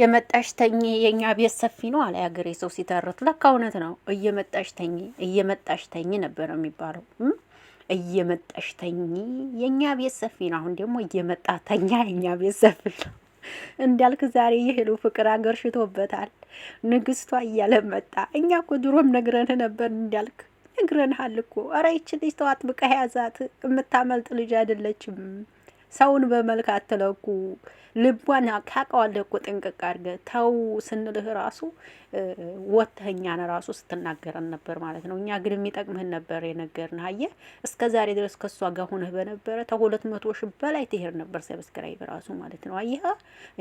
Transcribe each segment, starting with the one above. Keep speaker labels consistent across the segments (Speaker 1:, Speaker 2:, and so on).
Speaker 1: እየመጣሽ ተኝ የኛ ቤት ሰፊ ነው አለ ያገሬ ሰው ሲተርት። ለካ እውነት ነው። እየመጣሽ ተኝ እየመጣሽ ተኝ ነበር የሚባለው። እየመጣሽ ተኝ የኛ ቤት ሰፊ ነው። አሁን ደግሞ እየመጣ ተኛ የኛ ቤት ሰፊ ነው እንዳልክ ዛሬ የሄሉ ፍቅር አገር ሽቶበታል። ንግስቷ እያለ መጣ። እኛ እኮ ድሮም ነግረን ነበር እንዳልክ ነግረንሃል እኮ። ኧረ ይች ልጅ ተዋት፣ ብቃ ያዛት። የምታመልጥ ልጅ አይደለችም። ሰውን በመልክ አትለኩ። ልቧን ታውቀዋለህ እኮ ጥንቅቅ አድርገህ ተው ስንልህ ራሱ ወተኛን ራሱ ስትናገረን ነበር ማለት ነው። እኛ ግን የሚጠቅምህን ነበር የነገርን። አየህ እስከ ዛሬ ድረስ ከእሷ ጋር ሆነህ በነበረ ተሁለት መቶ ሺህ በላይ ትሄድ ነበር ሰብስክራይብ ራሱ ማለት ነው። አየህ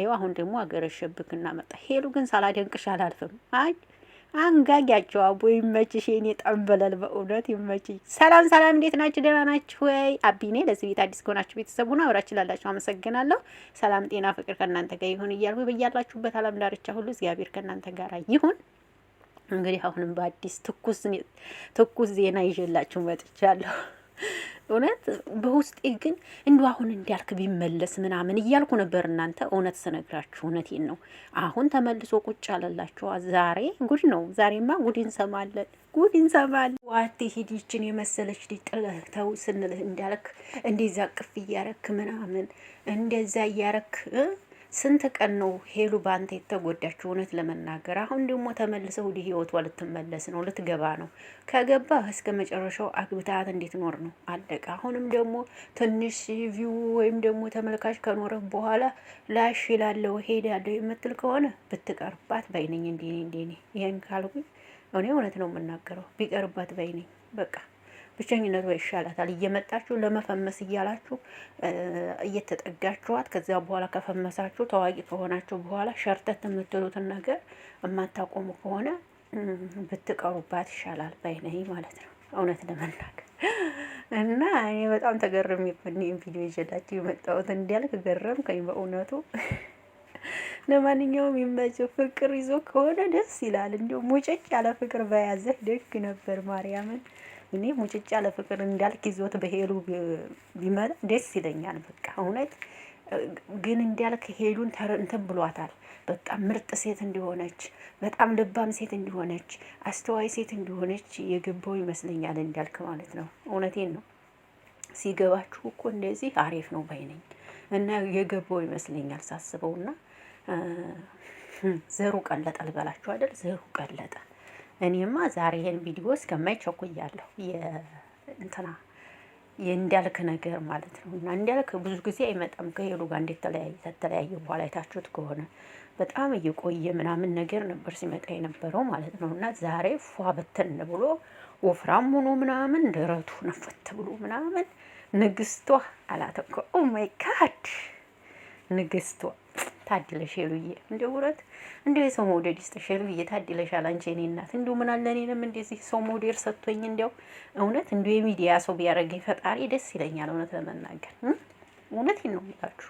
Speaker 1: ይኸው አሁን ደግሞ አገረሸብክና መጣ። ሄሉ ግን ሳላደንቅሽ አላልፍም። አይ አንጋጊያቸው አቦ ይመችሽ፣ የኔ ጠንበለል በእውነት ይመችሽ። ሰላም ሰላም፣ እንዴት ናችሁ? ደህና ናችሁ ወይ? አቢኔ ለዚህ ቤት አዲስ ከሆናችሁ ቤተሰቡ ነው አብራችሁ ላላችሁ አመሰግናለሁ። ሰላም ጤና ፍቅር ከእናንተ ጋር ይሁን እያልኩ በያላችሁበት ዓለም ዳርቻ ሁሉ እግዚአብሔር ከእናንተ ጋር ይሁን። እንግዲህ አሁንም በአዲስ ትኩስ ትኩስ ዜና ይዤላችሁ መጥቻለሁ። እውነት በውስጤ ግን እንዲ አሁን እንዲያልክ ቢመለስ ምናምን እያልኩ ነበር። እናንተ እውነት ስነግራችሁ እውነቴን ነው። አሁን ተመልሶ ቁጭ አለላችኋ። ዛሬ ጉድ ነው። ዛሬማ ጉድ እንሰማለን፣ ጉድ እንሰማለን። ዋቴ ሂዲችን የመሰለች ጥለተው ስንልህ እንዲያልክ እንደዛ ቅፍ እያረክ ምናምን እንደዛ እያረክ ስንት ቀን ነው ሄሉ በአንተ የተጎዳችው? እውነት ለመናገር አሁን ደግሞ ተመልሰው ወደ ህይወቷ ልትመለስ ነው፣ ልትገባ ነው። ከገባ እስከ መጨረሻው አግብታት እንዴት ኖር ነው አለቀ። አሁንም ደግሞ ትንሽ ቪው ወይም ደግሞ ተመልካች ከኖረ በኋላ ላሽ ይላለው ሄዳለሁ የምትል ከሆነ ብትቀርባት ባይነኝ። እንዴኔ እንዴኔ ይህን ካልኩኝ እኔ እውነት ነው የምናገረው፣ ቢቀርባት ባይነኝ በቃ ብቸኝነቷ ይሻላታል። እየመጣችሁ ለመፈመስ እያላችሁ እየተጠጋችኋት ከዚያ በኋላ ከፈመሳችሁ ታዋቂ ከሆናችሁ በኋላ ሸርተት የምትሉትን ነገር የማታቆሙ ከሆነ ብትቀሩባት ይሻላል ባይነኝ ማለት ነው። እውነት ለመናገር እና እኔ በጣም ተገረም የፈን ቪዲዮ ይዤላችሁ የመጣሁት እንዲያልክ ገረም ከኝ በእውነቱ ለማንኛውም ይመቸው። ፍቅር ይዞ ከሆነ ደስ ይላል። እንዲሁ ሙጭጭ ያለ ፍቅር በያዘህ ደግ ነበር ማርያምን እኔ ሙጭጭ ያለ ፍቅር እንዳልክ ይዞት በሄሉ ቢመጣ ደስ ይለኛል። በቃ እውነት ግን እንዳልክ ሄሉን እንትን ብሏታል። በቃ ምርጥ ሴት እንዲሆነች፣ በጣም ልባም ሴት እንዲሆነች፣ አስተዋይ ሴት እንዲሆነች የገባው ይመስለኛል እንዳልክ ማለት ነው። እውነቴን ነው። ሲገባችሁ እኮ እንደዚህ አሪፍ ነው ባይነኝ እና የገባው ይመስለኛል ሳስበውና ዘሩ ቀለጠ ልበላችሁ አይደል? ዘሩ ቀለጠ። እኔማ ዛሬ ይሄን ቪዲዮ እስከማይ ቸኩያለሁ። እንትና የእንዳልክ ነገር ማለት ነው። እና እንዲያልክ ብዙ ጊዜ አይመጣም ከሄሉ ጋር እንዴት ተለያየ በኋላ አይታችሁት ከሆነ በጣም እየቆየ ምናምን ነገር ነበር ሲመጣ የነበረው ማለት ነው። እና ዛሬ ፏ በትን ብሎ ወፍራም ሆኖ ምናምን ደረቱ ነፈት ብሎ ምናምን ንግስቷ አላተኮ ኦ ማይ ጋድ ንግስቷ ታድለሽ ሄሉዬ፣ እንደው ውረት እንደው የሰው መውደድ ይስጥሽ ሄሉዬ፣ ታድለሻል አላንቺ የእኔ እናት። እንደው ምን አለ እኔንም እንደዚህ ሰው መውደድ ሰጥቶኝ እንደው እውነት እንደው የሚዲያ ሰው ቢያደርገኝ ፈጣሪ ደስ ይለኛል። እውነት ለመናገር እውነት ነው የሚላችሁ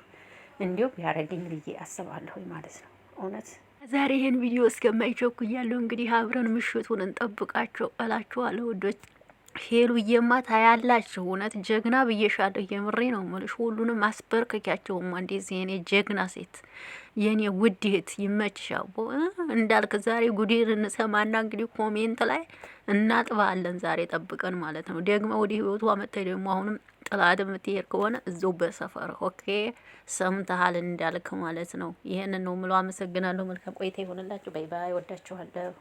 Speaker 1: እንዲሁ ቢያደርገኝ ብዬ አስባለሁ ማለት ነው እውነት ዛሬ ይህን ቪዲዮ እስከማይቸኩ እያለሁ እንግዲህ አብረን ምሽቱን እንጠብቃቸው እላችኋለሁ ውዶች። ሄሉ ሄሉዬማ ታያላችሁ። እውነት ጀግና ብዬሻለሁ። የምሬ ነው ምልሽ። ሁሉንም አስበርክኪያቸውም እንደዚህ የኔ ጀግና ሴት፣ የኔ ውድህት ይመችሻቦ እንዳልክ ዛሬ ጉዴን እንሰማና እንግዲህ ኮሜንት ላይ እናጥባለን። ዛሬ ጠብቀን ማለት ነው። ደግሞ ወደ ህይወቱ አመተ ደግሞ አሁንም ጥላት የምትሄድ ከሆነ እዚው በሰፈር ኦኬ። ሰምተሃል እንዳልክ ማለት ነው። ይህንን ነው ምሎ። አመሰግናለሁ። መልካም ቆይታ ይሆንላችሁ። ባይ ባይ። ወዳችኋለሁ።